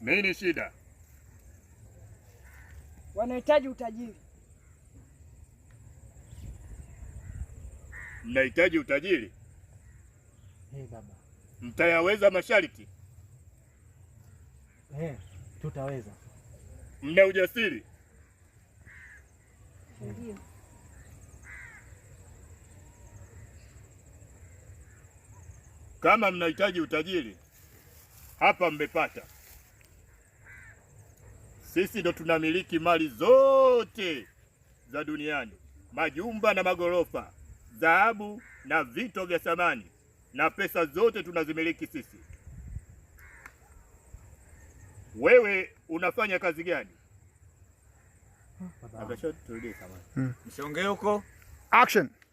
Nini shida? Wanahitaji utajiri. Mnahitaji utajiri? Hey, baba. Mtayaweza masharti? Hey, tutaweza. Mna ujasiri? Ndio. Kama mnahitaji utajiri hapa mmepata. Sisi ndo tunamiliki mali zote za duniani, majumba na magorofa, dhahabu na vito vya samani, na pesa zote tunazimiliki sisi. Wewe unafanya kazi gani? Hmm. Msonge huko. Action.